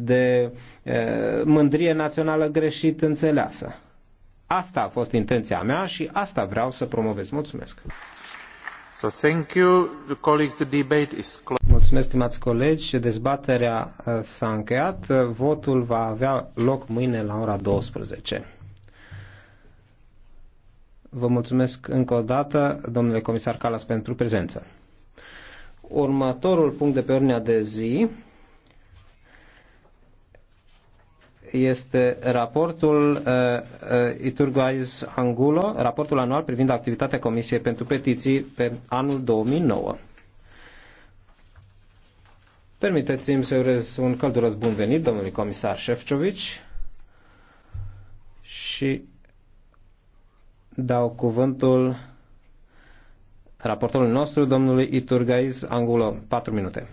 de mândrie națională greșit înțeleasă. Asta a fost intenția mea și asta vreau să promovez. Mulțumesc! So thank you, the colleagues, the debate is closed. Mulțumesc, stimați colegi. Dezbaterea s-a încheiat. Votul va avea loc mâine la ora 12. Vă mulțumesc încă o dată, domnule comisar Calas, pentru prezență. Următorul punct de pe ordinea de zi este raportul uh, uh Iturguais Angulo, raportul anual privind activitatea Comisiei pentru Petiții pe anul 2009. Permiteți-mi să urez un călduros bun venit domnului comisar Șefcovici și dau cuvântul raportorului nostru, domnului Iturgaiz Angulo. 4 minute.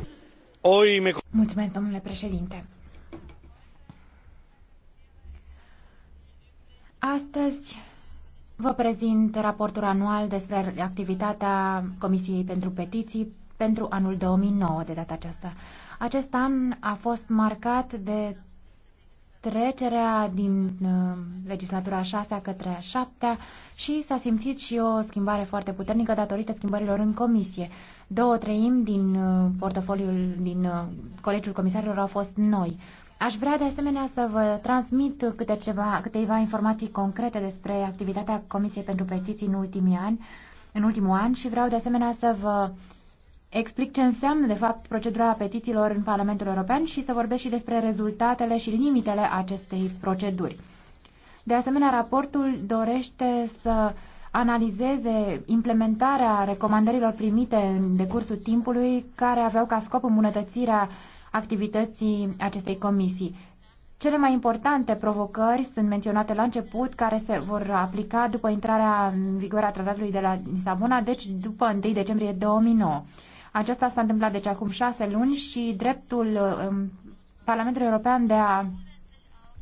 Mulțumesc, domnule președinte. Astăzi vă prezint raportul anual despre activitatea Comisiei pentru Petiții pentru anul 2009 de data aceasta. Acest an a fost marcat de trecerea din uh, legislatura 6 către a 7 și s-a simțit și o schimbare foarte puternică datorită schimbărilor în comisie. Două treimi din uh, portofoliul din uh, Colegiul Comisarilor au fost noi. Aș vrea de asemenea să vă transmit câte ceva, câteva informații concrete despre activitatea Comisiei pentru Petiții în ultimii ani, în ultimul an și vreau de asemenea să vă explic ce înseamnă de fapt procedura petițiilor în Parlamentul European și să vorbesc și despre rezultatele și limitele acestei proceduri. De asemenea, raportul dorește să analizeze implementarea recomandărilor primite în decursul timpului care aveau ca scop îmbunătățirea uh, activității acestei comisii. Cele mai importante provocări sunt menționate la început, care se vor aplica după intrarea în vigoare a tratatului de la Lisabona, deci după 1 decembrie 2009. Aceasta s-a întâmplat deci acum șase luni și dreptul um, Parlamentului European de a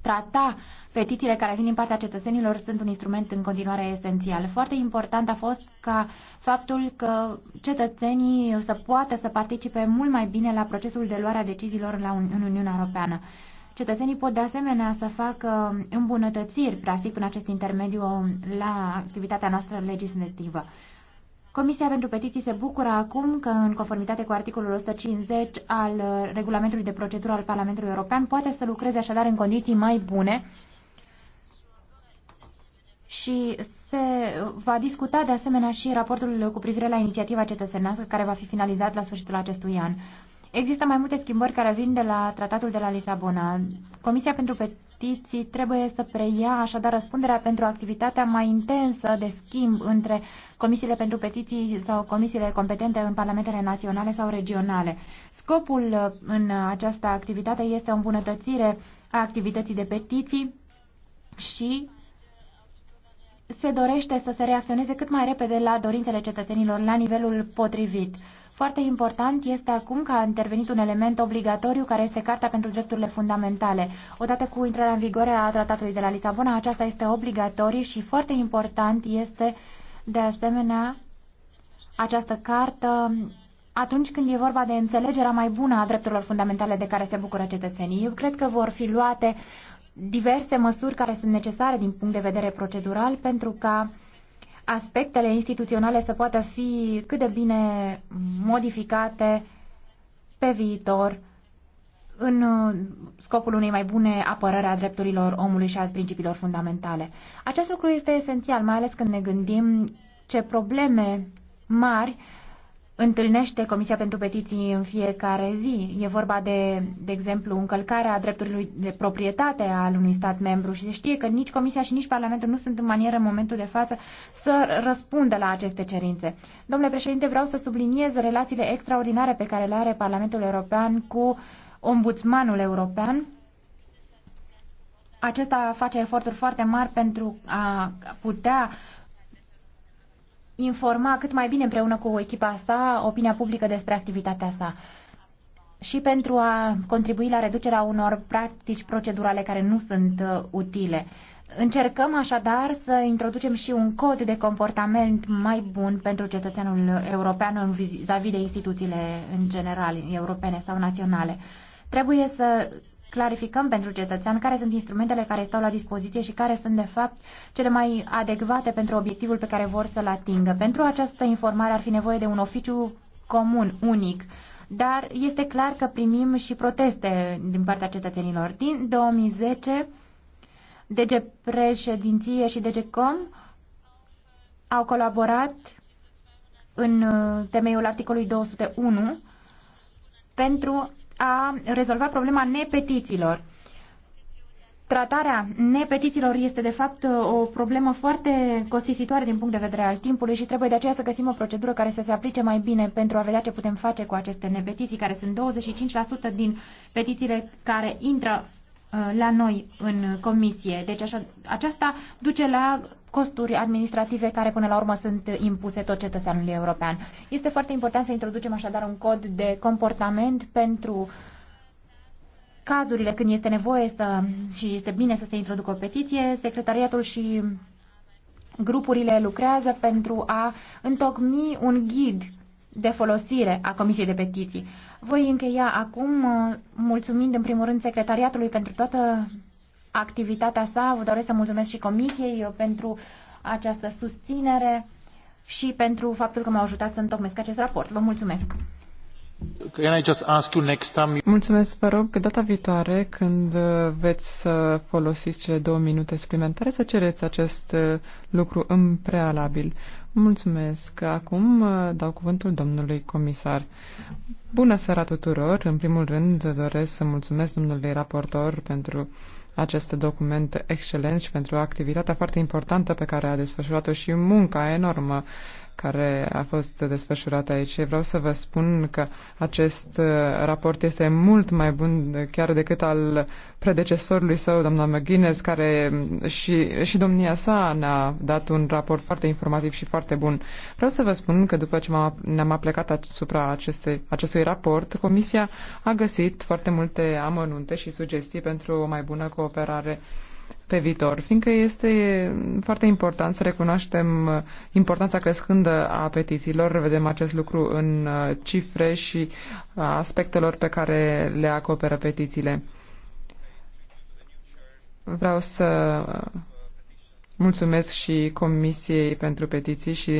trata petițiile care vin din partea cetățenilor sunt un instrument în continuare esențial. Foarte important a fost ca faptul că cetățenii să poată să participe mult mai bine la procesul de luare a deciziilor la un, în Uniunea Europeană. Cetățenii pot de asemenea să facă îmbunătățiri, practic, în acest intermediu la activitatea noastră legislativă. Comisia pentru Petiții se bucură acum că, în conformitate cu articolul 150 al uh, regulamentului de procedură al Parlamentului European, poate să lucreze așadar în condiții mai bune și se va discuta de asemenea și raportul cu privire la inițiativa cetățenească care va fi finalizat la sfârșitul acestui an. Există mai multe schimbări care vin de la Tratatul de la Lisabona. Comisia pentru Petiții investiții trebuie să preia așadar răspunderea pentru activitatea mai intensă de schimb între comisiile pentru petiții sau comisiile competente în parlamentele naționale sau regionale. Scopul uh, în această activitate este o îmbunătățire a activității de petiții și se dorește să se reacționeze cât mai repede la dorințele cetățenilor la nivelul potrivit. Foarte important este acum că a intervenit un element obligatoriu care este Carta pentru Drepturile Fundamentale. Odată cu intrarea în vigoare a Tratatului de la Lisabona, aceasta este obligatorie și foarte important este de asemenea această cartă atunci când e vorba de înțelegerea mai bună a drepturilor fundamentale de care se bucură cetățenii. Eu cred că vor fi luate diverse măsuri care sunt necesare din punct de vedere procedural pentru ca aspectele instituționale să poată fi cât de bine modificate pe viitor în uh, scopul unei mai bune apărări a drepturilor omului și a principiilor fundamentale. Acest lucru este esențial, mai ales când ne gândim ce probleme mari întâlnește Comisia pentru Petiții în fiecare zi. E vorba de, de exemplu, încălcarea drepturilor de proprietate al unui stat membru și se știe că nici Comisia și nici Parlamentul nu sunt în manieră în momentul de față să răspundă la aceste cerințe. Domnule președinte, vreau să subliniez relațiile extraordinare pe care le are Parlamentul European cu ombudsmanul european, acesta face eforturi foarte mari pentru a putea informa cât mai bine împreună cu echipa sa opinia publică despre activitatea sa și pentru a contribui la reducerea unor practici procedurale care nu sunt uh, utile. Încercăm așadar să introducem și un cod de comportament mai bun pentru cetățeanul european vis a -vis de instituțiile în general europene sau naționale. Trebuie să clarificăm pentru cetățean care sunt instrumentele care stau la dispoziție și care sunt, de fapt, cele mai adecvate pentru obiectivul pe care vor să-l atingă. Pentru această informare ar fi nevoie de un oficiu comun, unic, dar este clar că primim și proteste din partea cetățenilor. Din 2010, DG Președinție și DGCOM au colaborat în uh, temeiul articolului 201 pentru a rezolva problema nepetițiilor. Tratarea nepetițiilor este de fapt o problemă foarte costisitoare din punct de vedere al timpului și trebuie de aceea să găsim o procedură care să se aplice mai bine pentru a vedea ce putem face cu aceste nepetiții, care sunt 25% din petițiile care intră uh, la noi în comisie. Deci așa, aceasta duce la costuri administrative care până la urmă sunt impuse tot cetățeanului european. Este foarte important să introducem așadar un cod de comportament pentru cazurile când este nevoie să, și este bine să se introducă o petiție. Secretariatul și grupurile lucrează pentru a întocmi un ghid de folosire a Comisiei de Petiții. Voi încheia acum mulțumind în primul rând secretariatului pentru toată activitatea sa. Vă doresc să mulțumesc și comisiei uh, pentru această susținere și pentru faptul că m-au ajutat să întocmesc acest raport. Vă mulțumesc! Can I just ask you next time... Mulțumesc, vă rog, data viitoare, când uh, veți să uh, folosiți cele două minute suplimentare, să cereți acest lucru în prealabil. Mulțumesc. Acum dau cuvântul domnului comisar. Bună seara tuturor. În primul rând doresc să mulțumesc domnului raportor pentru aceste documente excelente și pentru activitatea foarte importantă pe care a desfășurat-o și munca enormă care a fost desfășurată aici. Vreau să vă spun că acest uh, raport este mult mai bun chiar decât al predecesorului său, doamna McGuinness, care mm, și, și domnia sa ne-a dat un raport foarte informativ și foarte bun. Vreau să vă spun că după ce ne-am aplecat asupra acestei, acestui raport, Comisia a găsit foarte multe amănunte și sugestii pentru o mai bună cooperare pe viitor, fiindcă este foarte important să recunoaștem importanța crescândă a petițiilor. Vedem acest lucru în uh, cifre și uh, aspectelor pe care le acoperă petițiile. Vreau să uh, mulțumesc și Comisiei pentru Petiții și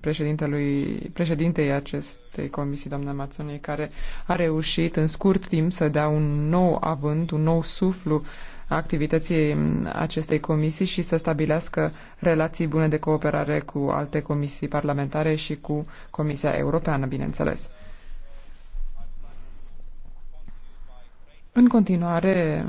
președintelui, președintei acestei comisii, doamna Mațonei, care a reușit în scurt timp să dea un nou avânt, un nou suflu uh, activității acestei comisii și să stabilească relații bune de cooperare cu alte comisii parlamentare și cu Comisia Europeană, bineînțeles. În continuare,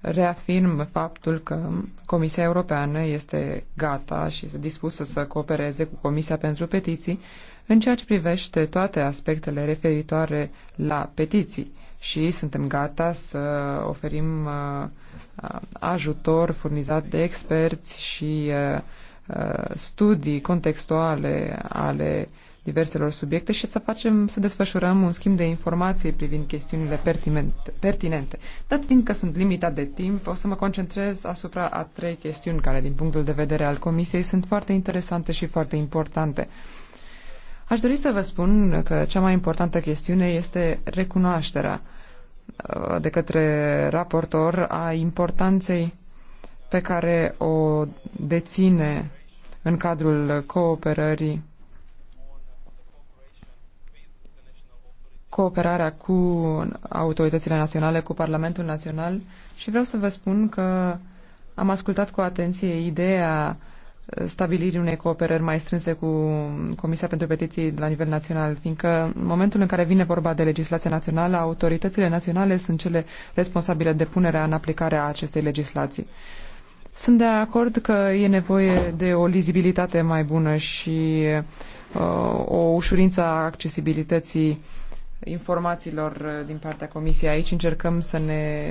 reafirm faptul că Comisia Europeană este gata și este dispusă să coopereze cu Comisia pentru Petiții în ceea ce privește toate aspectele referitoare la petiții și suntem gata să oferim uh, ajutor furnizat de experți și uh, uh, studii contextuale ale diverselor subiecte și să facem, să desfășurăm un schimb de informații privind chestiunile pertinente. Dat fiind că sunt limitat de timp, o să mă concentrez asupra a trei chestiuni care, din punctul de vedere al Comisiei, sunt foarte interesante și foarte importante. Aș dori să vă spun că cea mai importantă chestiune este recunoașterea. Uh, de către raportor a importanței pe care o deține în cadrul cooperării cooperarea cu autoritățile naționale, cu Parlamentul Național și vreau să vă spun că am ascultat cu atenție ideea stabilirii unei cooperări mai strânse cu Comisia pentru Petiții la nivel național, fiindcă în momentul în care vine vorba de legislația națională, autoritățile naționale sunt cele responsabile de punerea în aplicare a acestei legislații. Sunt de acord că e nevoie de o lizibilitate mai bună și uh, o ușurință a accesibilității informațiilor uh, din partea Comisiei. Aici încercăm să ne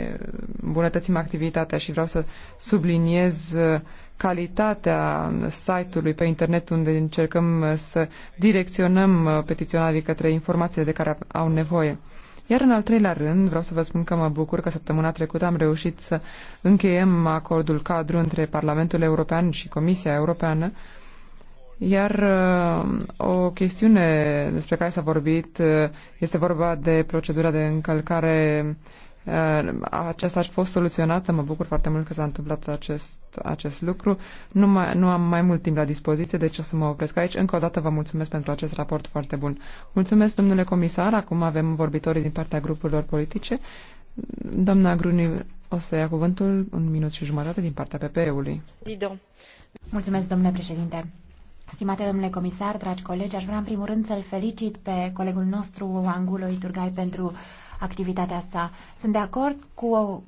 îmbunătățim activitatea și vreau să subliniez uh, calitatea site-ului pe internet unde încercăm să direcționăm uh, petiționarii către informațiile de care au nevoie. Iar în al treilea rând, vreau să vă spun că mă bucur că săptămâna trecută am reușit să încheiem acordul cadru între Parlamentul European și Comisia Europeană iar uh, o chestiune despre care s-a vorbit uh, este vorba de procedura de încălcare Uh, aceasta ar fost soluționată. Mă bucur foarte mult că s-a întâmplat acest, acest lucru. Nu, mai, nu am mai mult timp la dispoziție, deci o să mă opresc aici. Încă o dată vă mulțumesc pentru acest raport foarte bun. Mulțumesc, domnule comisar. Acum avem vorbitorii din partea grupurilor politice. Doamna Gruni o să ia cuvântul un minut și jumătate din partea PPE-ului. Mulțumesc, domnule președinte. Stimate domnule comisar, dragi colegi, aș vrea în primul rând să-l felicit pe colegul nostru, Angulo Iturgai, pentru activitatea sa. Sunt de acord cu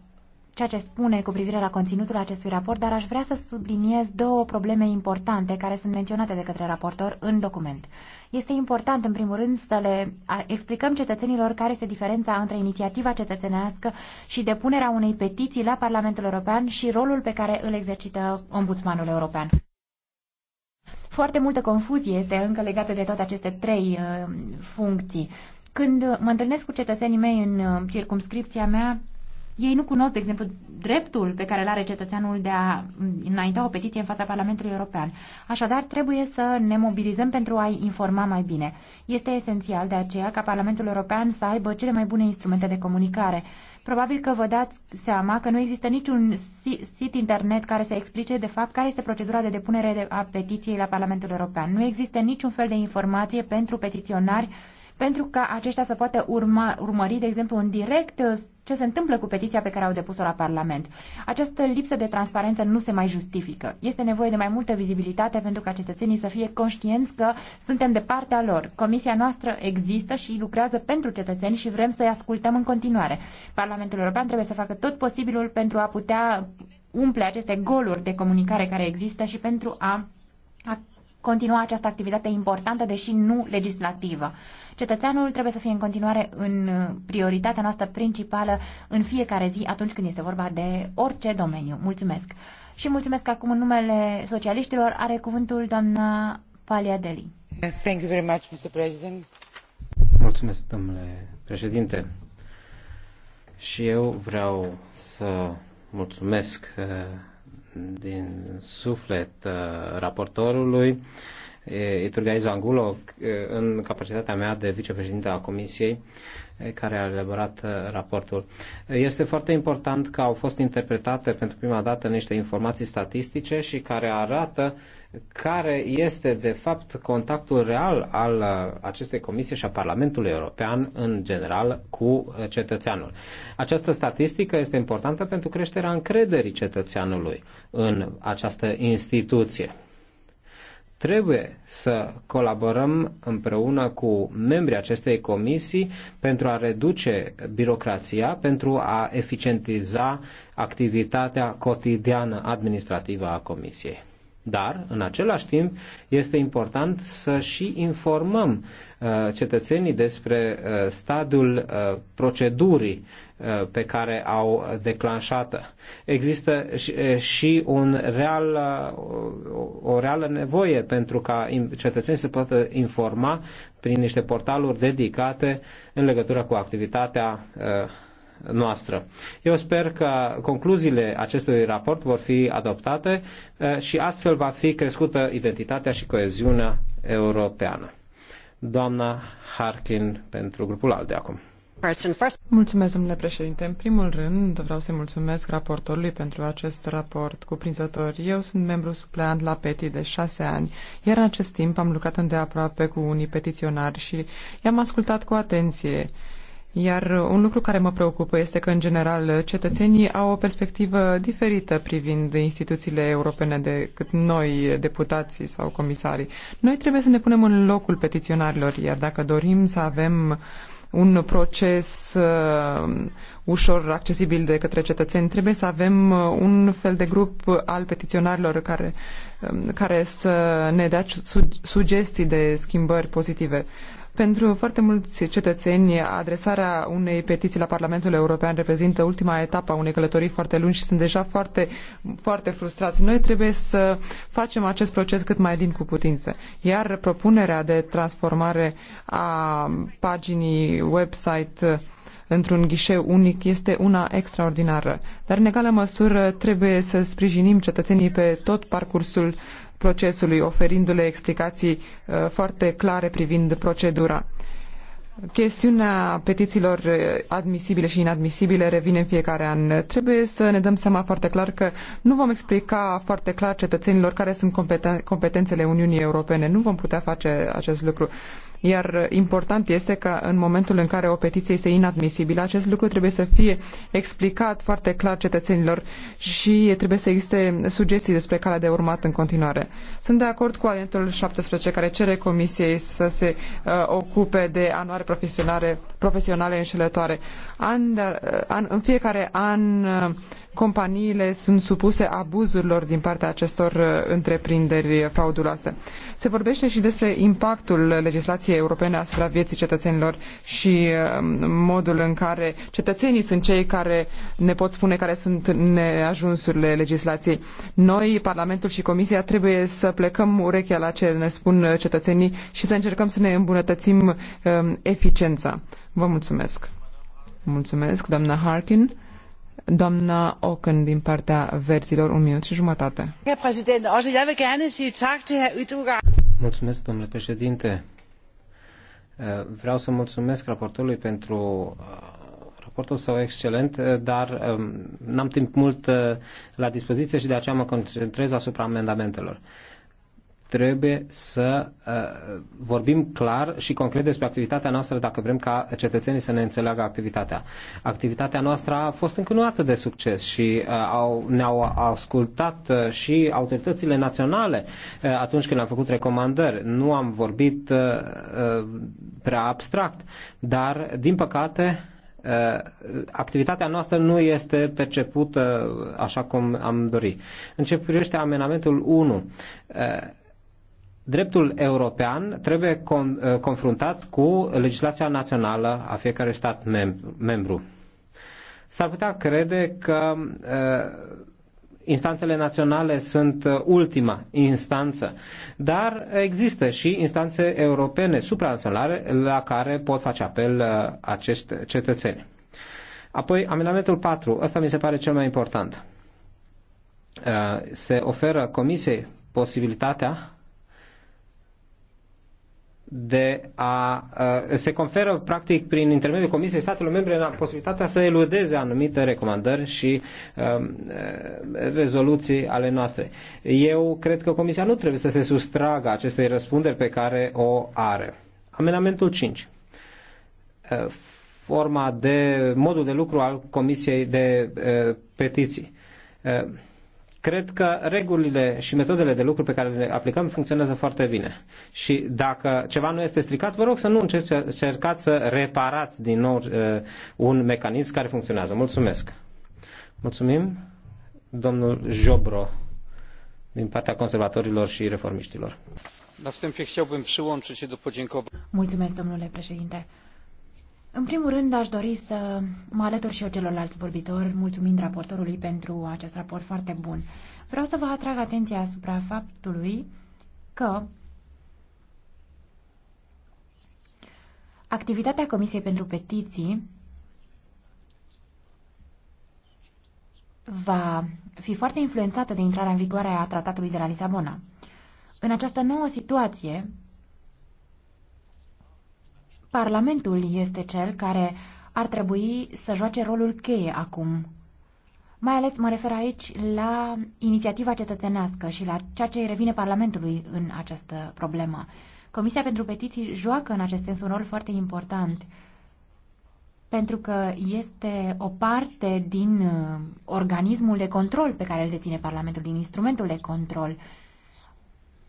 ceea ce spune cu privire la conținutul acestui raport, dar aș vrea să subliniez două probleme importante care sunt menționate de către raportor în document. Este important, în primul rând, să le explicăm cetățenilor care este diferența între inițiativa cetățenească și depunerea unei petiții la Parlamentul European și rolul pe care îl exercită Ombudsmanul European. Foarte multă confuzie este încă legată de toate aceste trei uh, funcții. Când mă întâlnesc cu cetățenii mei în uh, circumscripția mea, ei nu cunosc, de exemplu, dreptul pe care îl are cetățeanul de a înainta o petiție în fața Parlamentului European. Așadar, trebuie să ne mobilizăm pentru a-i informa mai bine. Este esențial de aceea ca Parlamentul European să aibă cele mai bune instrumente de comunicare. Probabil că vă dați seama că nu există niciun sit internet care să explice de fapt care este procedura de depunere a petiției la Parlamentul European. Nu există niciun fel de informație pentru petiționari pentru ca aceștia să poată urma, urmări, de exemplu, în direct uh, ce se întâmplă cu petiția pe care au depus-o la Parlament. Această lipsă de transparență nu se mai justifică. Este nevoie de mai multă vizibilitate pentru ca cetățenii să fie conștienți că suntem de partea lor. Comisia noastră există și lucrează pentru cetățeni și vrem să-i ascultăm în continuare. Parlamentul European trebuie să facă tot posibilul pentru a putea umple aceste goluri de comunicare care există și pentru a a continua această activitate importantă, deși nu legislativă. Cetățeanul trebuie să fie în continuare în uh, prioritatea noastră principală în fiecare zi atunci când este vorba de orice domeniu. Mulțumesc! Și mulțumesc acum în numele socialiștilor are cuvântul doamna deli. Thank you very much, Mr. President. Mulțumesc, domnule președinte. Și eu vreau să mulțumesc uh, din suflet uh, raportorului Iturgai Zangulo uh, în capacitatea mea de vicepreședinte a Comisiei care a elaborat uh, raportul. Este foarte important că au fost interpretate pentru prima dată niște informații statistice și care arată care este de fapt contactul real al uh, acestei comisii și a Parlamentului European în general cu uh, cetățeanul. Această statistică este importantă pentru creșterea încrederii cetățeanului în această instituție. Trebuie să colaborăm împreună cu membrii acestei comisii pentru a reduce birocrația, pentru a eficientiza activitatea cotidiană administrativă a comisiei. Dar, în același timp, este important să și informăm uh, cetățenii despre uh, stadiul uh, procedurii pe care au declanșată. Există și un real, o reală nevoie pentru ca cetățenii să poată informa prin niște portaluri dedicate în legătură cu activitatea noastră. Eu sper că concluziile acestui raport vor fi adoptate și astfel va fi crescută identitatea și coeziunea europeană. Doamna Harkin pentru grupul al de acum. Mulțumesc, domnule președinte. În primul rând, vreau să-i mulțumesc raportorului pentru acest raport cuprinzător. Eu sunt membru supleant la PETI de șase ani, iar în acest timp am lucrat îndeaproape cu unii petiționari și i-am ascultat cu atenție iar un lucru care mă preocupă este că, în general, cetățenii au o perspectivă diferită privind instituțiile europene decât noi, deputații sau comisarii. Noi trebuie să ne punem în locul petiționarilor, iar dacă dorim să avem un proces uh, ușor accesibil de către cetățeni. Trebuie să avem uh, un fel de grup al petiționarilor care, um, care să ne dea sugestii de schimbări pozitive. Pentru foarte mulți cetățeni, adresarea unei petiții la Parlamentul European reprezintă ultima etapă a unei călătorii foarte lungi și sunt deja foarte, foarte frustrați. Noi trebuie să facem acest proces cât mai lin cu putință. Iar propunerea de transformare a paginii website uh, într-un ghișeu unic este una extraordinară. Dar, în egală măsură, trebuie să sprijinim cetățenii pe tot parcursul procesului, oferindu-le explicații uh, foarte clare privind procedura. Chestiunea petițiilor uh, admisibile și inadmisibile revine în fiecare an. Trebuie să ne dăm seama foarte clar că nu vom explica foarte clar cetățenilor care sunt competențele Uniunii Europene. Nu vom putea face acest lucru. Iar important este că în momentul în care o petiție este inadmisibilă, acest lucru trebuie să fie explicat foarte clar cetățenilor și trebuie să existe sugestii despre calea de urmat în continuare. Sunt de acord cu alientul 17 care cere Comisiei să se uh, ocupe de anuare profesionale, profesionale înșelătoare. An, de, uh, an, în fiecare an uh, companiile sunt supuse abuzurilor din partea acestor uh, întreprinderi frauduloase. Se vorbește și despre impactul legislației europene asupra vieții cetățenilor și um, modul în care cetățenii sunt cei care ne pot spune care sunt neajunsurile legislației. Noi, Parlamentul și Comisia, trebuie să plecăm urechea la ce ne spun cetățenii și să încercăm să ne îmbunătățim um, eficiența. Vă mulțumesc. Mulțumesc, doamna Harkin. Doamna Ocken din partea verzilor, un minut și jumătate. Mulțumesc, domnule președinte. Eh, vreau să mulțumesc raportorului pentru eh, raportul său excelent, eh, dar n-am timp mult la dispoziție și de aceea mă concentrez asupra amendamentelor trebuie să uh, vorbim clar și concret despre activitatea noastră dacă vrem ca cetățenii să ne înțeleagă activitatea. Activitatea noastră a fost atât de succes și uh, au, ne-au ascultat uh, și autoritățile naționale uh, atunci când am făcut recomandări. Nu am vorbit uh, uh, prea abstract, dar, din păcate, uh, activitatea noastră nu este percepută așa cum am dori. În ce privește amenamentul 1, dreptul european trebuie con, uh, confruntat cu legislația națională a fiecărui stat mem- membru. S-ar putea crede că uh, instanțele naționale sunt uh, ultima instanță, dar există și instanțe europene supranaționale la care pot face apel uh, acești cetățeni. Apoi, amendamentul 4, ăsta mi se pare cel mai important. Uh, se oferă Comisiei posibilitatea de a se conferă practic prin intermediul Comisiei Statelor Membre posibilitatea să eludeze anumite recomandări și rezoluții ale noastre. Eu cred că Comisia nu trebuie să se sustragă acestei răspunderi pe care o are. Amendamentul 5. Forma de modul de lucru al Comisiei de petiții Cred că regulile și metodele de lucru pe care le aplicăm funcționează foarte bine. Și dacă ceva nu este stricat, vă rog să nu încercați să reparați din nou uh, un mecanism care funcționează. Mulțumesc! Mulțumim, domnul Jobro, din partea conservatorilor și reformiștilor. Mulțumesc, domnule președinte. În primul rând, aș dori să mă alătur și eu celorlalți vorbitori, mulțumind raportorului pentru acest raport foarte bun. Vreau să vă atrag atenția asupra faptului că activitatea Comisiei pentru Petiții va fi foarte influențată de intrarea în vigoare a Tratatului de la Lisabona. În această nouă situație, Parlamentul este cel care ar trebui să joace rolul cheie acum. Mai ales mă refer aici la inițiativa cetățenească și la ceea ce îi revine Parlamentului în această problemă. Comisia pentru Petiții joacă în acest sens un rol foarte important pentru că este o parte din uh, organismul de control pe care îl deține Parlamentul, din instrumentul de control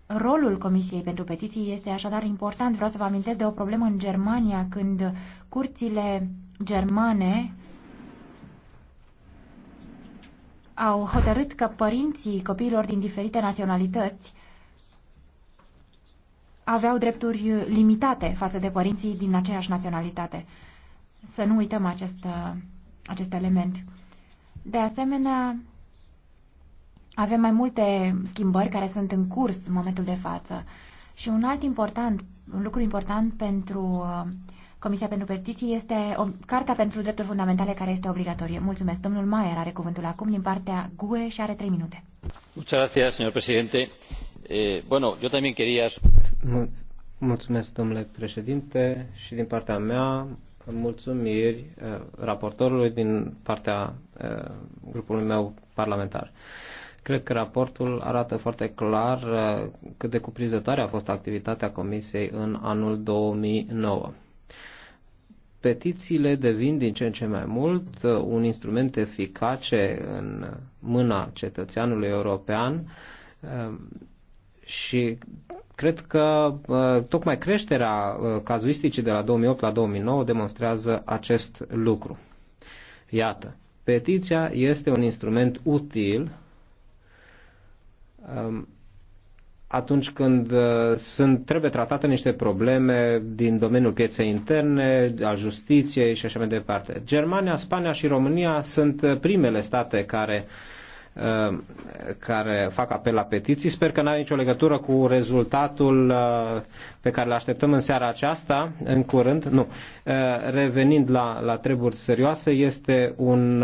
Rolul Comisiei pentru Petiții este așadar important. Vreau să vă amintesc de o problemă în Germania, când curțile germane au hotărât că părinții copiilor din diferite naționalități aveau drepturi limitate față de părinții din aceeași naționalitate. Să nu uităm acest, acest element. De asemenea, avem mai multe schimbări care sunt în curs în momentul de față. Și un alt important, un lucru important pentru uh, Comisia pentru Petiții este o, Carta pentru Drepturi Fundamentale care este obligatorie. Mulțumesc. Domnul Maier are cuvântul acum din partea GUE și are trei minute. Eh, mulțumesc, domnule președinte, și din partea mea mulțumiri eh, raportorului din partea eh, grupului meu parlamentar. Cred că raportul arată foarte clar uh, cât de cuprinzătoare a fost activitatea Comisiei în anul 2009. Petițiile devin din ce în ce mai mult uh, un instrument eficace în mâna cetățeanului european uh, și cred că tocmai creșterea cazuisticii de la 2008 la 2009 demonstrează acest lucru. Iată, petiția este un instrument util Um, atunci când uh, sunt, trebuie tratate niște probleme din domeniul pieței interne, a justiției și așa mai departe. Germania, Spania și România sunt primele state care uh, care fac apel la petiții. Sper că n-are nicio legătură cu rezultatul uh, pe care îl așteptăm în seara aceasta, în curând. Nu. Revenind la, la treburi serioase, este un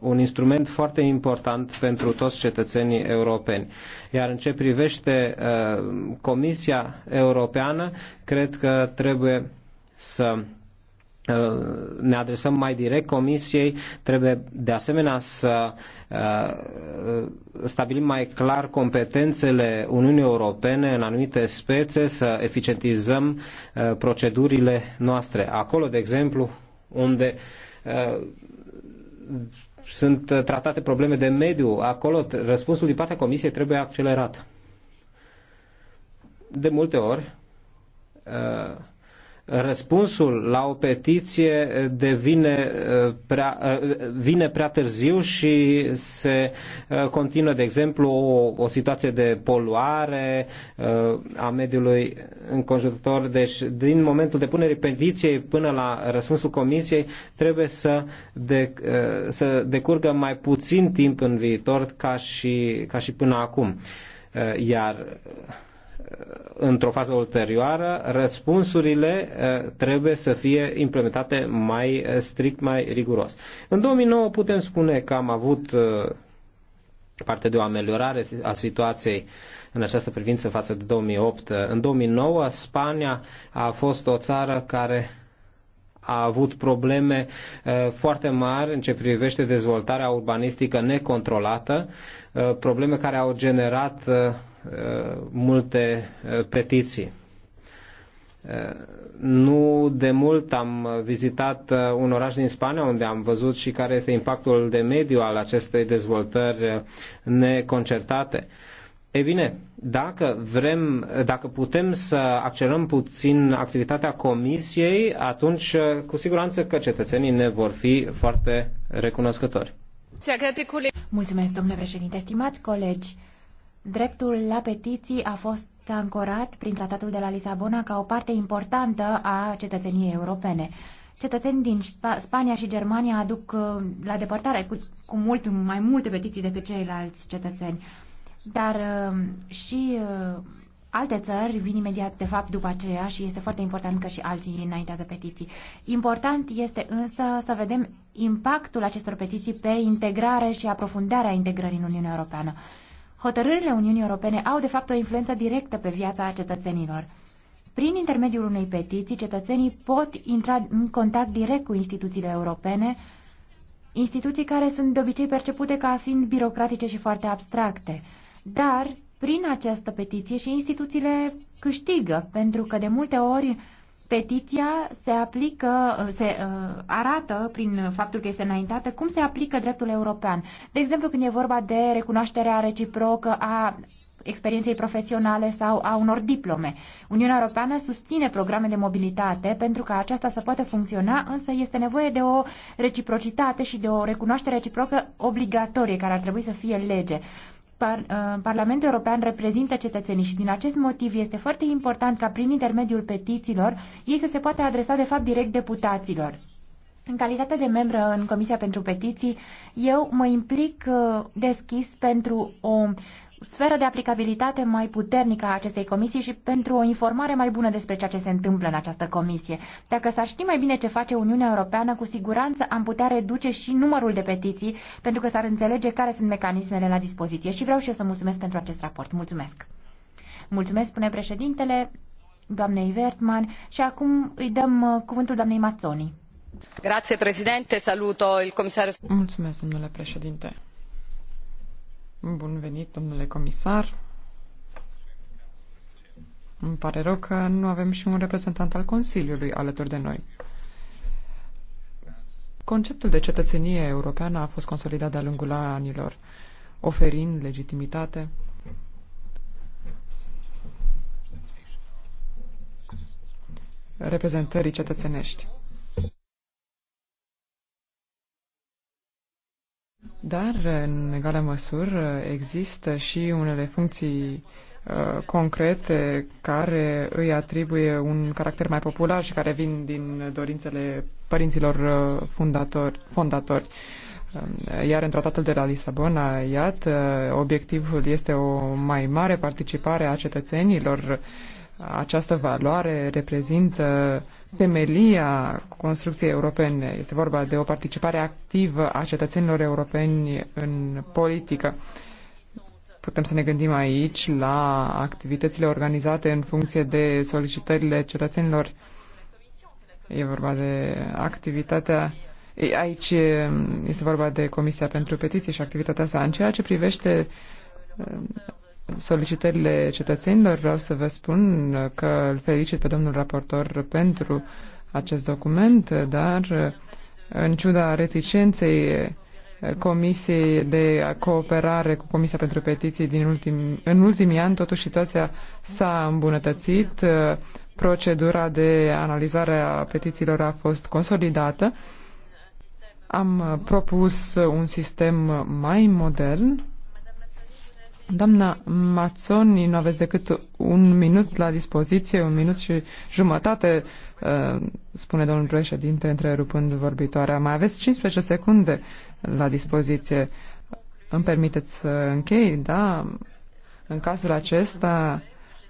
un instrument foarte important pentru toți cetățenii europeni. Iar în ce privește uh, Comisia Europeană, cred că trebuie să uh, ne adresăm mai direct Comisiei, trebuie de asemenea să uh, stabilim mai clar competențele Uniunii Europene în anumite spețe, să eficientizăm procedurile noastre. Acolo, de exemplu, unde sunt uh, tratate probleme de mediu acolo, răspunsul din partea Comisiei trebuie accelerat. De multe ori, uh, răspunsul la o petiție devine uh, prea, uh, vine prea târziu și se uh, continuă, de exemplu, o, o situație de poluare a mediului înconjurător. Deci, din momentul depunerii petiției până la răspunsul comisiei, trebuie să, de, să decurgă mai puțin timp în viitor ca și, ca și până acum. Iar într-o fază ulterioară, răspunsurile uh, trebuie să fie implementate mai uh, strict, mai riguros. În 2009 putem spune că am avut uh, parte de o ameliorare a situației în această privință față de 2008. În 2009, Spania a fost o țară care a avut probleme foarte mari în ce privește dezvoltarea urbanistică necontrolată, probleme care au generat Uh, multe uh, petiții. Uh, nu de mult am vizitat un oraș din Spania unde am văzut și care este impactul de mediu al acestei dezvoltări neconcertate. E bine, dacă vrem, dacă putem să accelerăm puțin activitatea comisiei, atunci cu siguranță că cetățenii ne vor fi foarte recunoscători. Mulțumesc, domnule președinte, estimați colegi. Dreptul la petiții a fost ancorat prin tratatul de la Lisabona ca o parte importantă a cetățeniei europene. Cetățeni din Spania și Germania aduc uh, la depărtare cu, cu mult mai multe petiții decât ceilalți cetățeni. Dar uh, și uh, alte țări vin imediat, de fapt, după aceea și este foarte important că și alții înaintează petiții. Important este însă să vedem impactul acestor petiții pe integrare și aprofundarea integrării în Uniunea Europeană hotărârile Uniunii Europene au de fapt o influență directă pe viața cetățenilor. Prin intermediul unei petiții, cetățenii pot intra în contact direct cu instituțiile europene, instituții care sunt de obicei percepute ca fiind birocratice și foarte abstracte. Dar, prin această petiție și instituțiile câștigă, pentru că de multe ori petiția se aplică, se uh, arată prin faptul că este înaintată cum se aplică dreptul european. De exemplu, când e vorba de recunoașterea reciprocă a experienței profesionale sau a unor diplome. Uniunea Europeană susține programe de mobilitate pentru ca aceasta să poată funcționa, însă este nevoie de o reciprocitate și de o recunoaștere reciprocă obligatorie care ar trebui să fie lege. Uh, Par, uh, Parlamentul European reprezintă cetățenii și din acest motiv este foarte important ca prin intermediul petițiilor ei să se poată adresa de fapt direct deputaților. În calitate de membră în Comisia pentru Petiții, eu mă implic uh, deschis pentru o sferă de aplicabilitate mai puternică a acestei comisii și pentru o informare mai bună despre ceea ce se întâmplă în această comisie. Dacă s-ar ști mai bine ce face Uniunea Europeană, cu siguranță am putea reduce și numărul de petiții, pentru că s-ar înțelege care sunt mecanismele la dispoziție. Și vreau și eu să mulțumesc pentru acest raport. Mulțumesc! Mulțumesc, spune președintele, doamnei Vertman, și acum îi dăm uh, cuvântul doamnei Mazzoni. Grazie, președinte. Saluto il comisar. Mulțumesc, domnule președinte. Bun venit, domnule comisar. Îmi pare rău că nu avem și un reprezentant al Consiliului alături de noi. Conceptul de cetățenie europeană a fost consolidat de-a lungul anilor, oferind legitimitate reprezentării cetățenești. Dar, în egală măsură, există și unele funcții uh, concrete care îi atribuie un caracter mai popular și care vin din dorințele părinților uh, fundatori. fondatori. Um, iar în tratatul de la Lisabona, iată, obiectivul este o mai mare participare a cetățenilor. Această valoare reprezintă temelia construcției europene. Este vorba de o participare activă a cetățenilor europeni în politică. Putem să ne gândim aici la activitățile organizate în funcție de solicitările cetățenilor. E vorba de activitatea Aici este vorba de Comisia pentru Petiții și activitatea sa. În ceea ce privește solicitările cetățenilor, vreau să vă spun că îl felicit pe domnul raportor pentru acest document, dar în ciuda reticenței Comisiei de Cooperare cu Comisia pentru Petiții din ultim, în ultimii ani, totuși situația s-a îmbunătățit, procedura de analizare a petițiilor a fost consolidată, am propus un sistem mai modern Doamna Mazzoni, nu aveți decât un minut la dispoziție, un minut și jumătate, uh, spune domnul președinte, întrerupând vorbitoarea. Mai aveți 15 secunde la dispoziție. Îmi permiteți să închei, da? În cazul acesta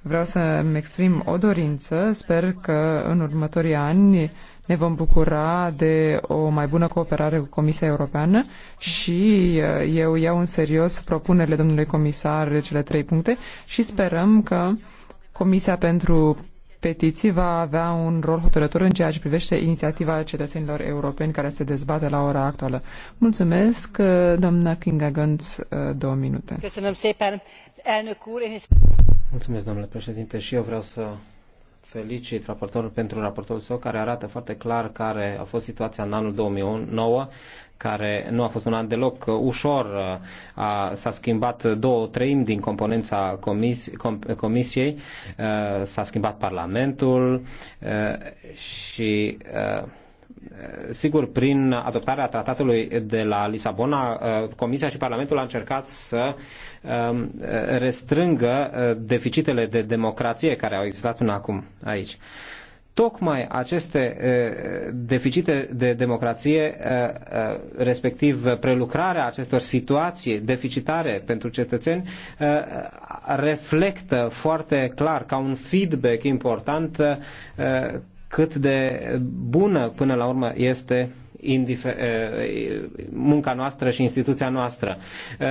vreau să-mi exprim o dorință. Sper că în următorii ani ne vom bucura de o mai bună cooperare cu Comisia Europeană și uh, eu iau în serios propunerile domnului comisar, cele trei puncte, și sperăm că Comisia pentru petiții va avea un rol hotărător în ceea ce privește inițiativa cetățenilor europeni care se dezbate la ora actuală. Mulțumesc, uh, doamna Kinga Gönz, uh, două minute. Mulțumesc, domnule președinte, și eu vreau să felicit raportorul pentru raportul său care arată foarte clar care a fost situația în anul 2009, care nu a fost un an deloc ușor. A, s-a schimbat două treimi din componența comis, com, comisiei, s-a schimbat Parlamentul și Sigur, prin adoptarea tratatului de la Lisabona, uh, Comisia și Parlamentul au încercat să um, uh, restrângă uh, deficitele de democrație care au existat până acum aici. Tocmai aceste deficite de democrație, respectiv prelucrarea acestor situații deficitare pentru cetățeni, reflectă foarte clar ca un feedback important cât de bună până la urmă este munca noastră și instituția noastră.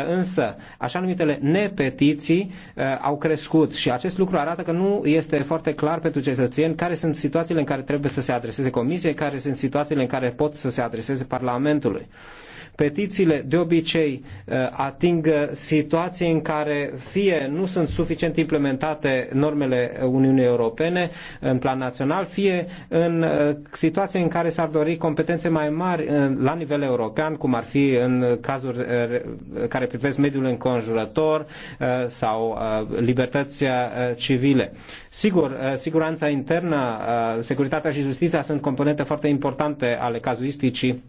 Însă, așa numitele nepetiții au crescut și acest lucru arată că nu este foarte clar pentru cetățeni care sunt situațiile în care trebuie să se adreseze comisiei, care sunt situațiile în care pot să se adreseze Parlamentului. Petițiile de obicei uh, ating uh, situații în care fie nu sunt suficient implementate normele Uniunii Europene uh, în plan național, fie în situații în care s-ar dori competențe mai mari la nivel european, cum ar fi în cazuri care privesc mediul înconjurător sau libertăți civile. Sigur, siguranța internă, securitatea și justiția sunt componente foarte importante ale cazuisticii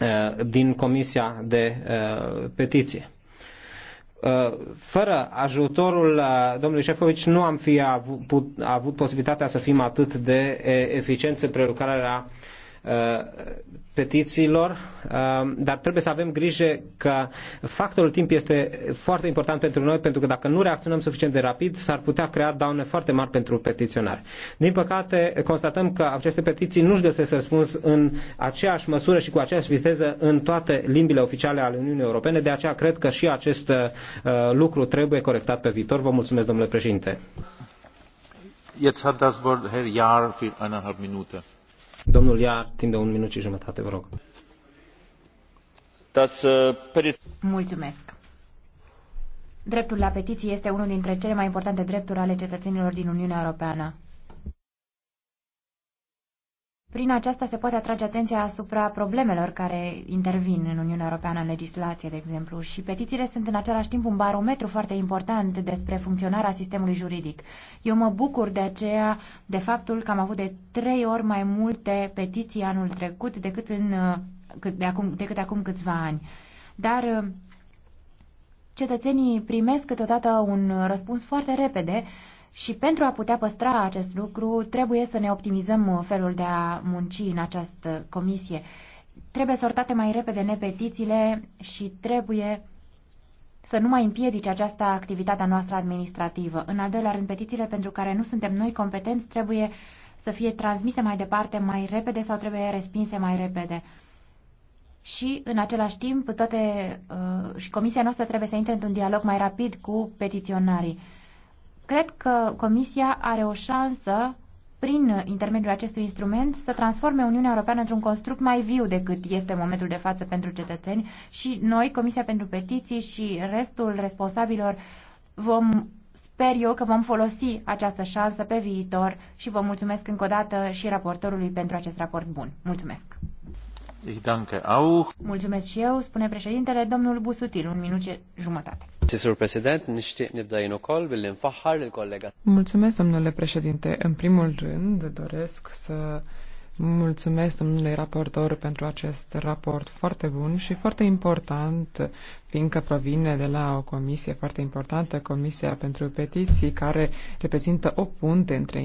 Uh, din Comisia de uh, Petiție. Uh, fără ajutorul domnului Șefcovici nu am fi avut, avut posibilitatea să fim atât de eficienți în prelucrarea Uh, petițiilor, uh, dar trebuie să avem grijă că factorul timp este foarte important pentru noi, pentru că dacă nu reacționăm suficient de rapid, s-ar putea crea daune foarte mari pentru petiționari. Din păcate, constatăm că aceste petiții nu-și găsesc răspuns în aceeași măsură și cu aceeași viteză în toate limbile oficiale ale Uniunii Europene, de aceea cred că și acest uh, lucru trebuie corectat pe viitor. Vă mulțumesc, domnule președinte. Jetzt hat das Wort Herr Jahr für eineinhalb Minuten. Domnul Iar, timp de un minut și jumătate, vă rog. Uh, Mulțumesc. Dreptul la petiție este unul dintre cele mai importante drepturi ale cetățenilor din Uniunea Europeană. Prin aceasta se poate atrage atenția asupra problemelor care intervin în Uniunea Europeană în legislație, de exemplu, și petițiile sunt în același timp un barometru foarte important despre funcționarea sistemului juridic. Eu mă bucur de aceea de faptul că am avut de trei ori mai multe petiții anul trecut decât, în, de acum, decât acum câțiva ani. Dar cetățenii primesc câteodată un răspuns foarte repede și pentru a putea păstra acest lucru, trebuie să ne optimizăm uh, felul de a munci în această comisie. Trebuie sortate mai repede nepetițiile și trebuie să nu mai împiedice această activitatea noastră administrativă. În al doilea rând, petițiile pentru care nu suntem noi competenți trebuie să fie transmise mai departe mai repede sau trebuie respinse mai repede. Și, în același timp, toate, uh, și comisia noastră trebuie să intre într-un dialog mai rapid cu petiționarii. Cred că Comisia are o șansă prin intermediul acestui instrument să transforme Uniunea Europeană într-un construct mai viu decât este momentul de față pentru cetățeni și noi, Comisia pentru Petiții și restul responsabilor vom Sper eu că vom folosi această șansă pe viitor și vă mulțumesc încă o dată și raportorului pentru acest raport bun. Mulțumesc! Mulțumesc și eu, spune președintele, domnul Busutil, un minut și jumătate. Mulțumesc, domnule președinte. În primul rând, doresc să mulțumesc domnului raportor pentru acest raport foarte bun și foarte important, fiindcă provine de la o comisie foarte importantă, Comisia pentru Petiții, care reprezintă o punte între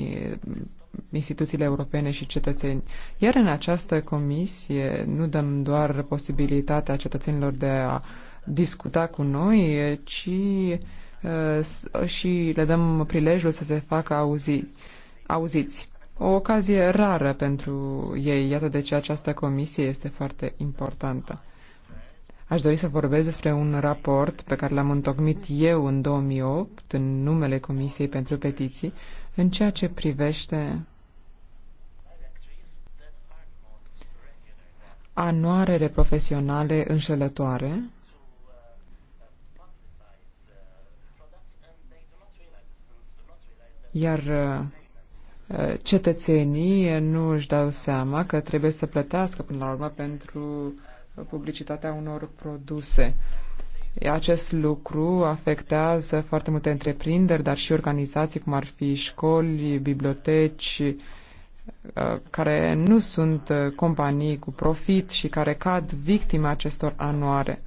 instituțiile europene și cetățeni. Iar în această comisie nu dăm doar posibilitatea cetățenilor de a discuta cu noi, ci uh, și le dăm prilejul să se facă auzi, auziți. O ocazie rară pentru ei, iată de ce această comisie este foarte importantă. Aș dori să vorbesc despre un raport pe care l-am întocmit eu în 2008 în numele Comisiei pentru Petiții în ceea ce privește anuarele profesionale înșelătoare iar uh, uh, cetățenii nu își dau seama că trebuie să plătească până la urmă pentru publicitatea unor produse. Acest lucru afectează foarte multe întreprinderi, dar și organizații cum ar fi școli, biblioteci, uh, care nu sunt companii cu profit și care cad victime acestor anuare.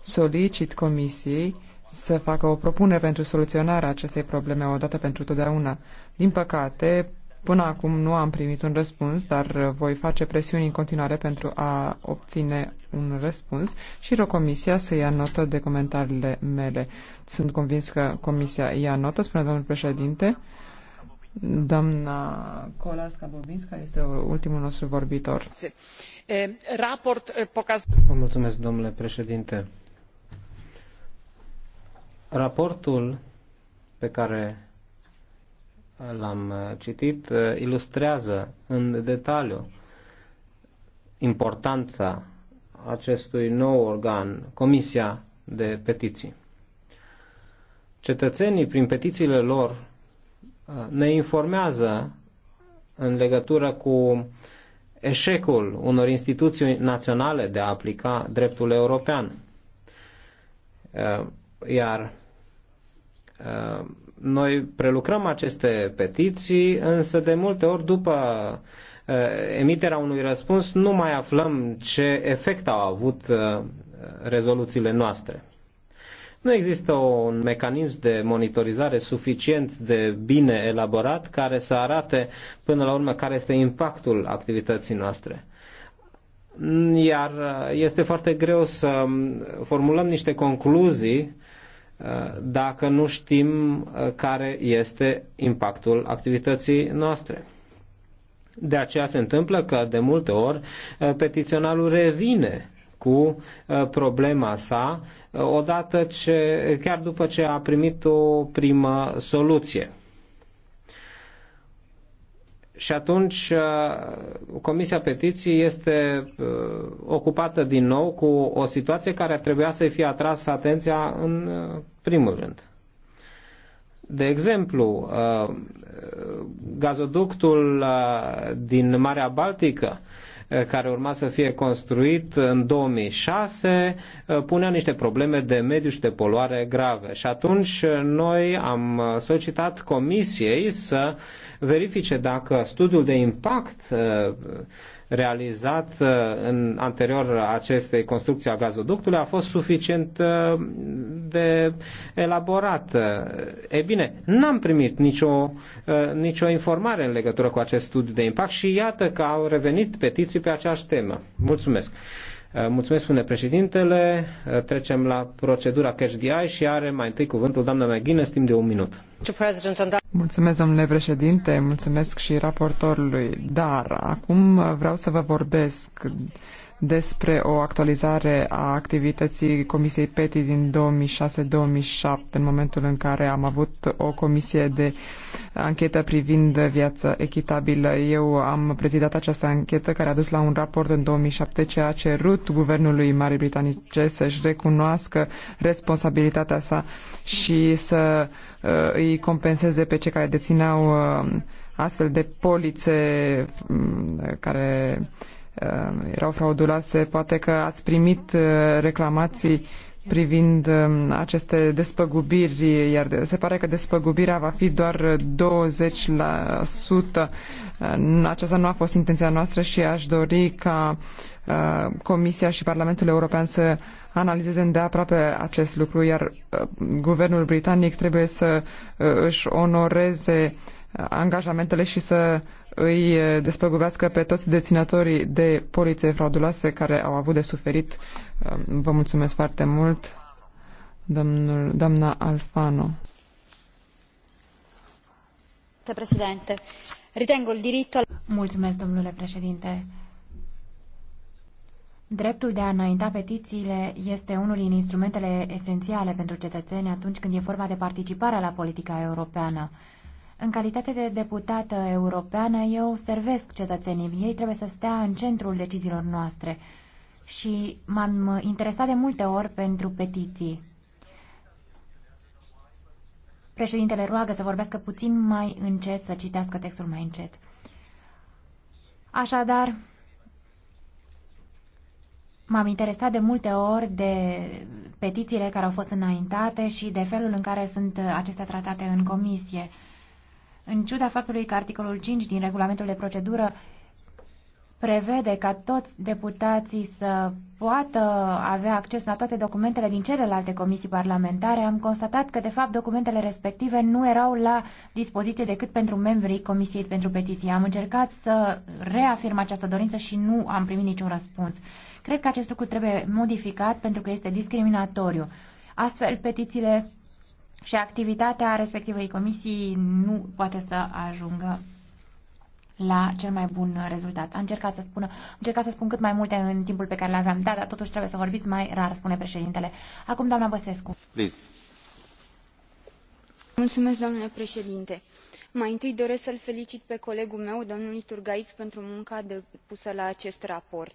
Solicit Comisiei să facă o propunere pentru soluționarea acestei probleme odată pentru totdeauna. Din păcate, până acum nu am primit un răspuns, dar voi face presiuni în continuare pentru a obține un răspuns și rog comisia să ia notă de comentariile mele. Sunt convins că comisia ia notă, spune domnul președinte. Doamna Colasca Bobinska este ultimul nostru vorbitor. Eh, raport eh, Vă mulțumesc, domnule președinte. Raportul pe care l-am citit uh, ilustrează în detaliu importanța acestui nou organ, Comisia de Petiții. Cetățenii, prin petițiile lor, uh, ne informează în legătură cu eșecul unor instituții naționale de a aplica dreptul european. Uh, iar noi prelucrăm aceste petiții, însă de multe ori după eh, emiterea unui răspuns nu mai aflăm ce efect au avut eh, rezoluțiile noastre. Nu există un mecanism de monitorizare suficient de bine elaborat care să arate până la urmă care este impactul activității noastre. Iar eh, este foarte greu să mm, formulăm niște concluzii dacă nu știm uh, care este impactul activității noastre. De aceea se întâmplă că de multe ori uh, petiționalul revine cu uh, problema sa odată ce, chiar după ce a primit o primă soluție. Și atunci uh, Comisia Petiției este uh, ocupată din nou cu o situație care ar trebui să-i fie atras atenția în uh, primul rând. De exemplu, gazoductul din Marea Baltică Eh, care urma să fie construit în 2006 eh, punea niște probleme de mediu și de poluare grave. Și atunci eh, noi am solicitat comisiei să verifice dacă studiul de impact realizat uh, în anterior acestei construcții a gazoductului a fost suficient uh, de elaborat. E bine, n-am primit nicio, uh, nicio informare în legătură cu acest studiu de impact și iată că au revenit petiții pe aceeași temă. Mulțumesc! Uh, mulțumesc, spune președintele. Uh, trecem la procedura Cash DI și are mai întâi cuvântul doamna McGuinness timp de un minut. Mulțumesc, domnule președinte, mulțumesc și raportorului. Dar acum vreau să vă vorbesc despre o actualizare a activității Comisiei PETI din 2006-2007, în momentul în care am avut o comisie de anchetă privind viața echitabilă. Eu am prezidat această anchetă care a dus la un raport în 2007 ce a cerut guvernului Marii Britanice să-și recunoască responsabilitatea sa și să uh, îi compenseze pe cei care dețineau uh, astfel de polițe mm, care Uh, erau frauduloase. Poate că ați primit uh, reclamații privind um, aceste despăgubiri, iar se pare că despăgubirea va fi doar 20%. Uh, aceasta nu a fost intenția noastră și aș dori ca Comisia și Parlamentul European să analizeze îndeaproape acest lucru, iar guvernul britanic trebuie să își onoreze angajamentele și să îi eh, despăgubească pe toți deținătorii de polițe frauduloase care au avut de suferit. Ehm, vă mulțumesc foarte mult, domnul, doamna Alfano. Președinte, ritengo diritto... Mulțumesc, domnule președinte. Dreptul de a înainta petițiile este unul din instrumentele esențiale pentru cetățeni atunci când e vorba de participarea la politica europeană. În calitate de deputată europeană, eu servesc cetățenii. Ei trebuie să stea în centrul deciziilor noastre. Și m-am interesat de multe ori pentru petiții. Președintele roagă să vorbească puțin mai încet, să citească textul mai încet. Așadar, m-am interesat de multe ori de petițiile care au fost înaintate și de felul în care sunt acestea tratate în comisie. În ciuda faptului că articolul 5 din regulamentul de procedură prevede ca toți deputații să poată avea acces la toate documentele din celelalte comisii parlamentare, am constatat că, de fapt, documentele respective nu erau la dispoziție decât pentru membrii Comisiei pentru Petiții. Am încercat să reafirm această dorință și nu am primit niciun răspuns. Cred că acest lucru trebuie modificat pentru că este discriminatoriu. Astfel, petițiile și activitatea respectivei comisii nu poate să ajungă la cel mai bun rezultat. A încercat să spună, am încercat să spun cât mai multe în timpul pe care le aveam. Da, dar totuși trebuie să vorbiți mai rar, spune președintele. Acum, doamna Băsescu. Please. Mulțumesc, domnule președinte. Mai întâi doresc să-l felicit pe colegul meu, domnul Iturgaiz, pentru munca depusă la acest raport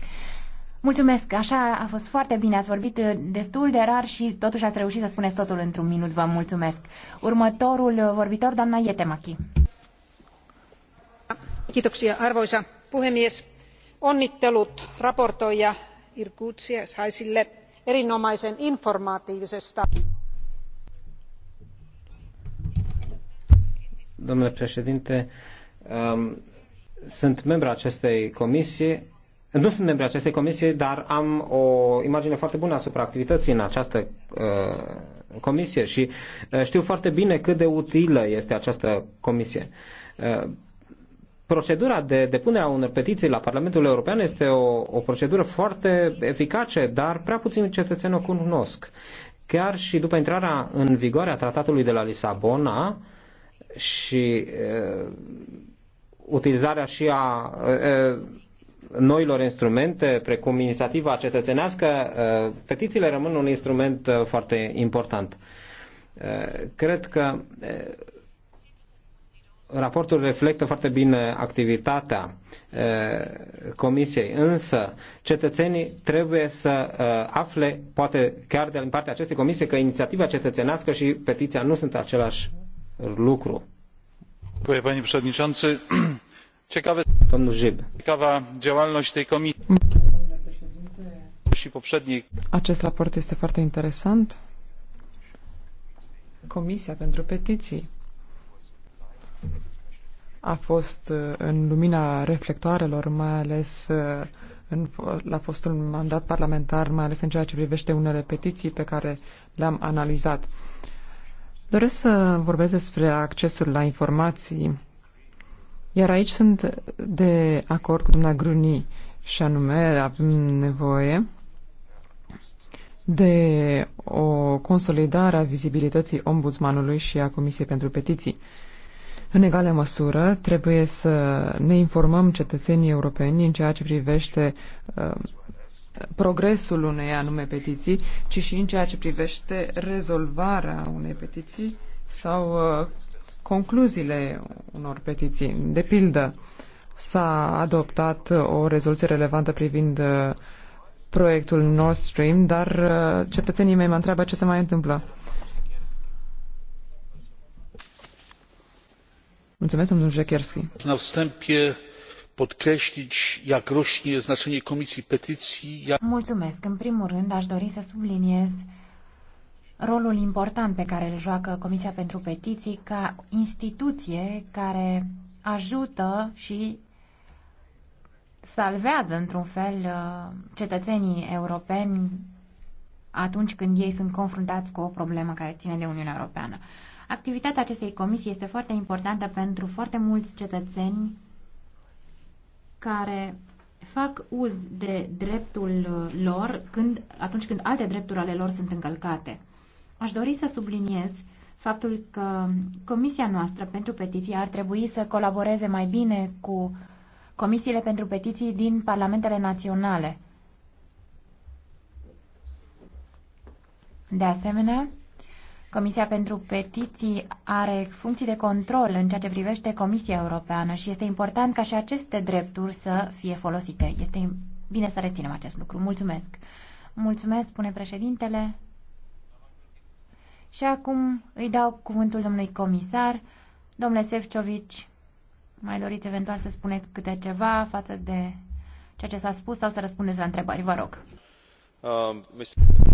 Mulțumesc, așa a fost foarte bine, ați vorbit uh, destul de rar și totuși ați reușit să spuneți totul într-un minut, vă mulțumesc. Următorul uh, vorbitor, doamna Ietemachi. Kiitoksia, arvoisa puhemies. Onnittelut raportoija Irkutsia saisille erinomaisen informatiivisesta. Domnule președinte, um, sunt membru acestei comisii nu sunt membru acestei comisii, dar am o imagine foarte bună asupra activității în această uh, comisie și uh, știu foarte bine cât de utilă este această comisie. Uh, procedura de depunere a unor petiții la Parlamentul European este o, o procedură foarte eficace, dar prea puțin cetățeni o cunosc. Chiar și după intrarea în vigoare a tratatului de la Lisabona și e, uh, utilizarea și a. E, uh, uh, noilor instrumente, precum inițiativa cetățenească, uh, petițiile rămân un instrument uh, foarte important. Uh, cred că raportul reflectă foarte bine activitatea comisiei, însă cetățenii trebuie să afle, poate chiar de din partea acestei comisii, că inițiativa cetățenească și petiția nu sunt același lucru. Panie Przewodniczący, ciekawa działalność tej komisji i poprzedniej. Acest raport este foarte interesant. Comisia pentru petiții a fost uh, în lumina reflectoarelor, mai ales uh, în, la fostul mandat parlamentar, mai ales în ceea ce privește unele petiții pe care le-am analizat. Doresc să vorbesc despre accesul la informații iar aici sunt de acord cu doamna Gruni și anume avem nevoie de o consolidare a vizibilității ombudsmanului și a Comisiei pentru Petiții. În egală măsură, trebuie să ne informăm cetățenii europeni în ceea ce privește uh, progresul unei anume petiții, ci și în ceea ce privește rezolvarea unei petiții sau uh, concluziile unor petiții. De pildă, s-a adoptat o rezoluție relevantă privind uh, proiectul Nord Stream, dar uh, cetățenii mei mă întreabă ce se mai întâmplă. Mulțumesc, domnul Jekierski. Na wstępie podkreślić, jak rośnie znaczenie Komisji Petycji. Mulțumesc. În primul rând, aș dori să subliniez rolul important pe care îl joacă Comisia pentru Petiții ca instituție care ajută și salvează, într-un fel, uh, cetățenii europeni atunci când ei sunt confruntați cu o problemă care ține de Uniunea Europeană. Activitatea acestei comisii este foarte importantă pentru foarte mulți cetățeni care fac uz de dreptul uh, lor când, atunci când alte drepturi ale lor sunt încălcate. Aș dori să subliniez faptul că Comisia noastră pentru petiții ar trebui să colaboreze mai bine cu comisiile pentru petiții din parlamentele naționale. De asemenea, Comisia pentru petiții are funcții de control în ceea ce privește Comisia Europeană și este important ca și aceste drepturi să fie folosite. Este bine să reținem acest lucru. Mulțumesc. Mulțumesc, spune președintele. Și acum îi dau cuvântul domnului comisar. Domnule Sefciovici, mai doriți eventual să spuneți câte ceva față de ceea ce s-a spus sau să răspundeți la întrebări? Vă rog.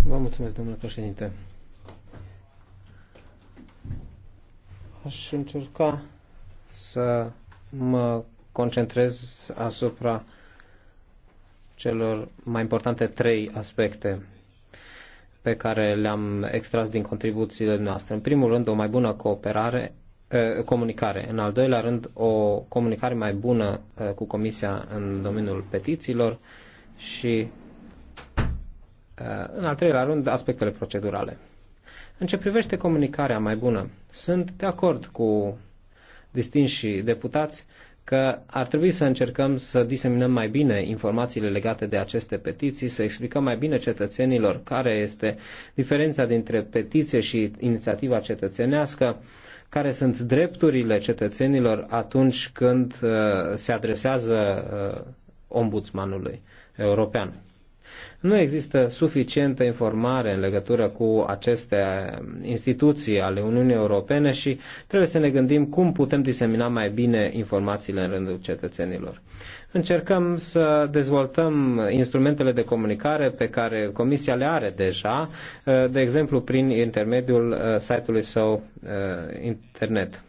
Vă mulțumesc, domnule președinte. Aș încerca să mă concentrez asupra celor mai importante trei aspecte pe care le-am extras din contribuțiile noastre. În primul rând, o mai bună cooperare, eh, comunicare. În al doilea rând, o comunicare mai bună eh, cu Comisia în domeniul petițiilor și, eh, în al treilea rând, aspectele procedurale. În ce privește comunicarea mai bună, sunt de acord cu distinși deputați că ar trebui să încercăm să diseminăm mai bine informațiile legate de aceste petiții, să explicăm mai bine cetățenilor care este diferența dintre petiție și inițiativa cetățenească, care sunt drepturile cetățenilor atunci când uh, se adresează uh, ombudsmanului european. Nu există suficientă informare în legătură cu aceste instituții ale Uniunii Europene și trebuie să ne gândim cum putem disemina mai bine informațiile în rândul cetățenilor. Încercăm să dezvoltăm instrumentele de comunicare pe care Comisia le are deja, de exemplu prin intermediul uh, site-ului său uh, internet.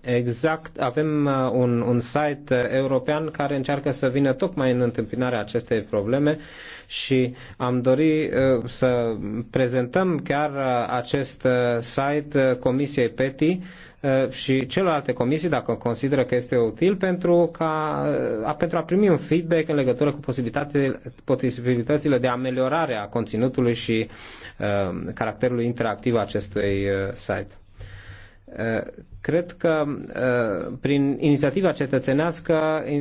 Exact, avem uh, un, un site uh, european care încearcă să vină tocmai în întâmpinarea acestei probleme și am dori uh, să prezentăm chiar acest site Comisiei PETI și celelalte comisii dacă consideră că este util pentru, ca, a, pentru a primi un feedback în legătură cu posibilitățile de ameliorare a conținutului și a, caracterului interactiv acestui site. Cred că uh, prin inițiativa cetățenească uh,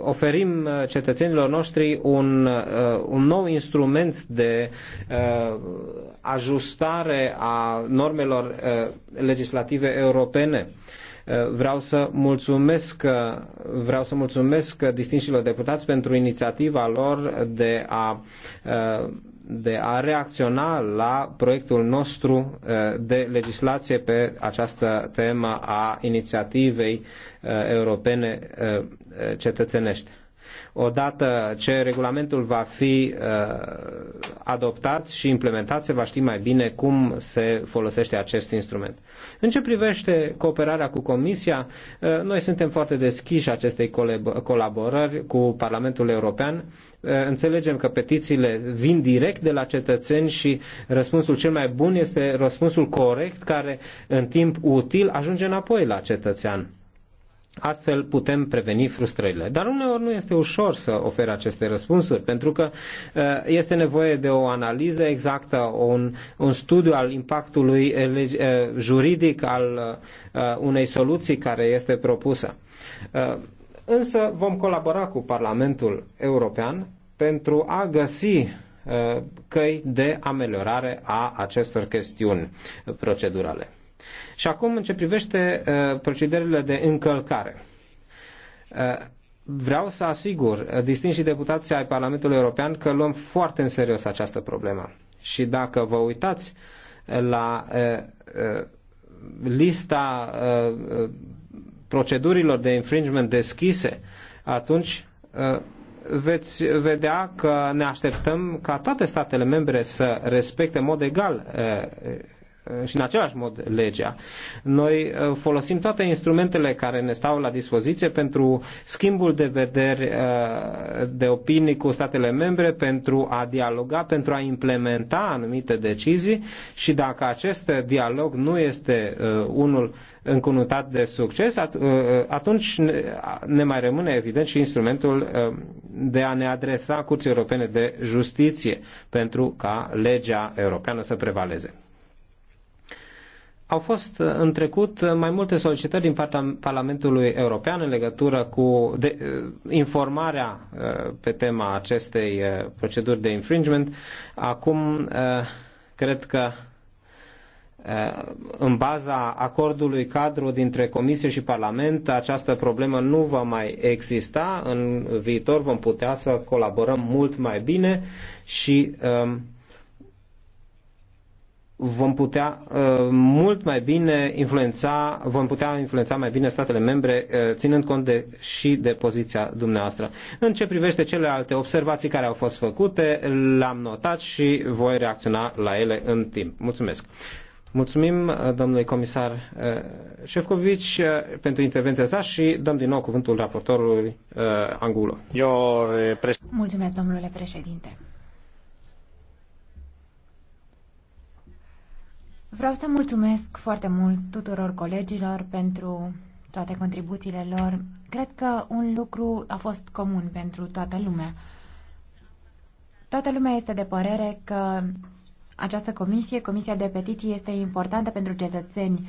oferim uh, cetățenilor noștri un, un nou instrument de ajustare a normelor legislative europene. Vreau să mulțumesc, vreau să mulțumesc distinșilor deputați pentru inițiativa lor de a de a reacționa la proiectul nostru eh, de legislație pe această temă a inițiativei eh, europene eh, cetățenești. Odată ce regulamentul va fi uh, adoptat și implementat, se va ști mai bine cum se folosește acest instrument. În ce privește cooperarea cu Comisia, uh, noi suntem foarte deschiși acestei colaborări cu Parlamentul European. Uh, înțelegem că petițiile vin direct de la cetățeni și răspunsul cel mai bun este răspunsul corect care în timp util ajunge înapoi la cetățean. Astfel putem preveni frustrările. Dar uneori nu este ușor să ofer aceste răspunsuri, pentru că uh, este nevoie de o analiză exactă, un, un studiu al impactului uh, uh, juridic al unei soluții care este propusă. Însă vom colabora cu Parlamentul European pentru a găsi căi de ameliorare a acestor chestiuni procedurale. Și acum, în ce privește uh, procedurile de încălcare. Uh, vreau să asigur uh, distinși deputații ai Parlamentului European că luăm foarte în serios această problemă. Și dacă vă uitați la lista procedurilor de infringement deschise, atunci veți vedea că ne așteptăm ca toate statele membre să respecte în mod egal și în același mod legea. Noi uh, folosim toate instrumentele care ne stau la dispoziție pentru schimbul de vederi, uh, de opinii cu statele membre, pentru a dialoga, pentru a implementa anumite decizii și dacă acest dialog nu este uh, unul încunutat de succes, atunci ne mai rămâne evident și instrumentul de a ne adresa Curții Europene de Justiție pentru ca legea europeană să prevaleze. Au fost uh, în trecut uh, mai multe solicitări din partea Parlamentului European în legătură cu de, uh, informarea pe tema acestei proceduri de infringement. Acum cred că în baza acordului cadru dintre Comisie și Parlament, această problemă nu va mai exista. În viitor vom putea să colaborăm mult mai bine și um, vom putea uh, mult mai bine influența, vom putea influența mai bine statele membre, uh, ținând cont de, și de poziția dumneavoastră. În ce privește celelalte observații care au fost făcute, le-am notat și voi reacționa la ele în timp. Mulțumesc! Mulțumim uh, domnului comisar Șefcovici pentru intervenția sa și dăm din nou cuvântul raportorului Angulo. Mulțumesc, domnule președinte. Vreau să mulțumesc foarte mult tuturor colegilor pentru toate contribuțiile lor. Cred că un lucru a fost comun pentru toată lumea. Toată lumea este de părere că această comisie, Comisia de Petiții, este importantă pentru cetățeni.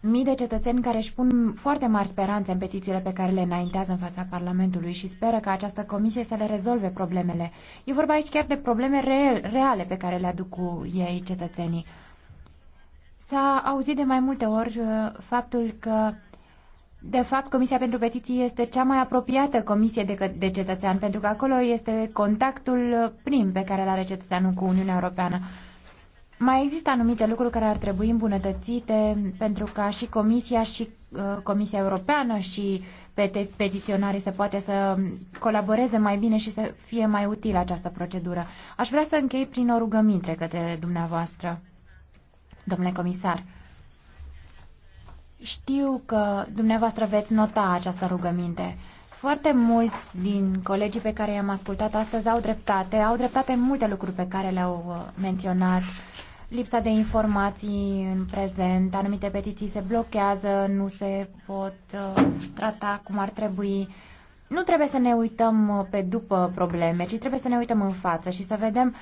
Mii de cetățeni care își pun foarte mari speranțe în petițiile pe care le înaintează în fața Parlamentului și speră că această comisie să le rezolve problemele. E vorba aici chiar de probleme reale pe care le aduc cu ei cetățenii. S-a auzit de mai multe ori uh, faptul că de fapt, Comisia pentru Petiții este cea mai apropiată comisie de, de cetățean, pentru că acolo este contactul prim pe care îl are cetățeanul cu Uniunea Europeană. Mai există anumite lucruri care ar trebui îmbunătățite pentru ca și Comisia și uh, Comisia Europeană și pet petiționarii să poate să colaboreze mai bine și să fie mai utilă această procedură. Aș vrea să închei prin o rugăminte către dumneavoastră domnule comisar. Știu că dumneavoastră veți nota această rugăminte. Foarte mulți din colegii pe care i-am ascultat astăzi au dreptate, au dreptate în multe lucruri pe care le-au uh, menționat. Lipsa de informații în prezent, anumite petiții se blochează, nu se pot uh, trata cum ar trebui. Nu trebuie să ne uităm uh, pe după probleme, ci trebuie să ne uităm în față și să vedem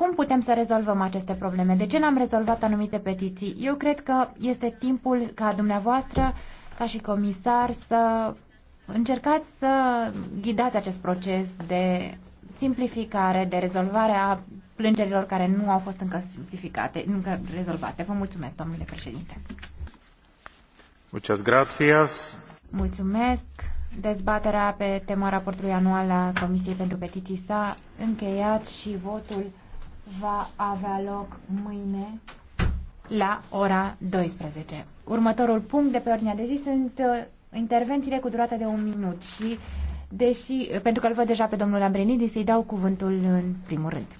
cum putem să rezolvăm aceste probleme? De ce n-am rezolvat anumite petiții? Eu cred că este timpul ca dumneavoastră, ca și comisar, să încercați să ghidați acest proces de simplificare, de rezolvare a plângerilor care nu au fost încă simplificate, încă rezolvate. Vă mulțumesc, domnule președinte. Muchas gracias. Mulțumesc. Dezbaterea pe tema raportului anual la Comisiei pentru Petiții s-a încheiat și votul va avea loc mâine la ora 12. Următorul punct de pe ordinea de zi sunt uh, intervențiile cu durată de un minut și, deși, pentru că îl văd deja pe domnul Lambrinidis, îi dau cuvântul în primul rând.